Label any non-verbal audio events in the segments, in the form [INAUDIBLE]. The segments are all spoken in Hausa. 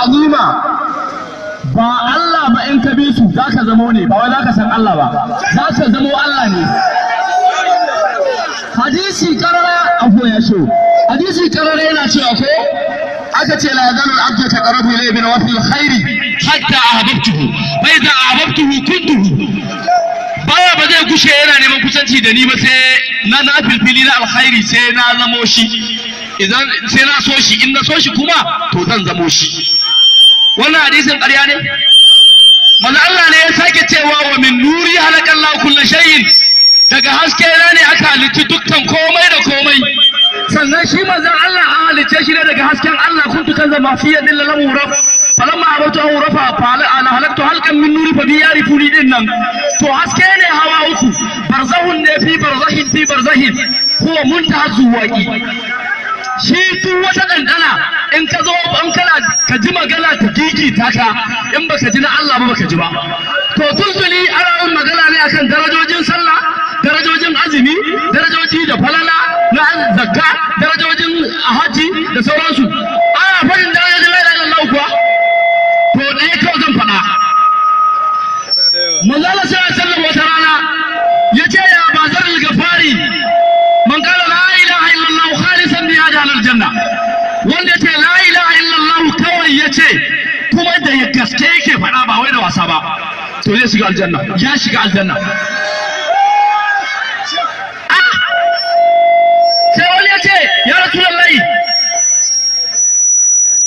azima ba Allah ba in ka bi su za ka zamo ne ba wai za ka san Allah ba za ka zamo Allah ne hadisi karara abu ya so hadisi karara yana cewa ko aka ce la yazalu al-abdu taqarrabu ilayhi bil wafi al-khairi hatta ahbabtuhu fa idza ahbabtuhu kuntuhu baya ba zai gushe yana neman kusanci da ni ba sai na na filfili na alkhairi sai na zamo shi idan sai na so shi in na so shi kuma to zan zamo shi wannan hadisin ƙarya ne manzo Allah ne ya sake cewa wa min nuri halakallahu kullu shay'in daga haske na ne aka halicci dukkan komai da komai sannan shi manzon Allah an halicce shi ne daga hasken Allah kuntu kan zama fi yadin lalam urab falamma abatu an urafa fala an halaktu halqan min nuri fa bi yarifuni din nan to haske ne hawa uku barzahun ne fi barzahin fi barzahin huwa muntaha zuwaqi shi duk wata ɗanɗana in ka zo in kana ka ji magana ta ta ka in baka ji na Allah ba baka ji ba to tuntuni ana yin magana ne akan darajojin sallah darajojin azumi darajoji da falala na zakka darajojin haji da sauransu ana fadin darajojin la ilaha illallah kuwa to ɗaya kawai zan faɗa kawai ya ce kuma da gaske yake faɗa ba wai da wasa ba to zai shiga aljanna ya shiga aljanna ah! sai wani ya ce ya lallai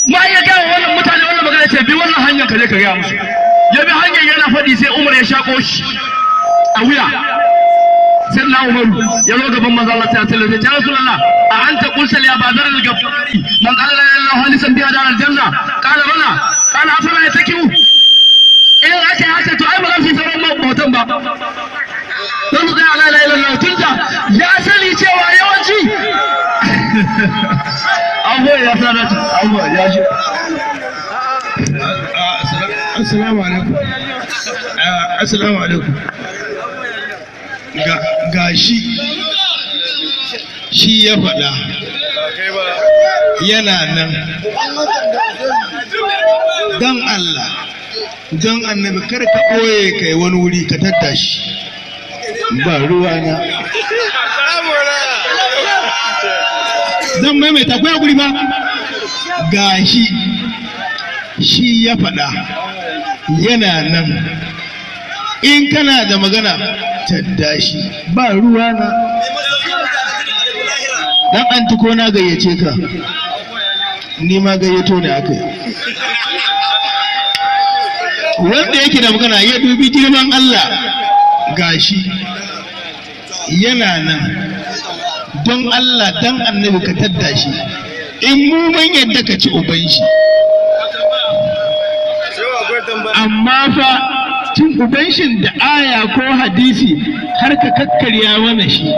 ma ya ga wannan mutane wannan magana ce bi wannan hanyar ka je ka gaya musu ya bi hanyar yana faɗi sai Umar ya sha shi a wuya sai na Umaru ya zo gaban manzo Allah sai ya tallace ya أنت قلت لأبا ذر الجباري من قال لا إله إلا الله بها دار الجنة قال بلى قال أفلا يتكئوا إن أتى أتى تعب في ثرى موتا با don ga ala la ilaha tunda ya sani cewa yawanci abuwa [LAUGHS] ya sanar abuwa ya shi assalamu alaikum ah, assalamu alaikum ga shi shi ya faɗa yana nan don Allah don annabi kar ka ɓoye kai wani wuri ka tattashi ba ruwa na zan maimaita kwaya guri ba ga shi shi ya faɗa yana nan in kana da magana tadda shi ba ruwa na dan anti ko na gayyace ka ni ma gayyato ne aka wanda yake da magana ya dubi girman Allah gashi yana nan don Allah dan annabi ka tadda shi in mu mun yadda ka ci uban shi amma fa cin uban shi da aya ko hadisi har ka kakkarya mana shi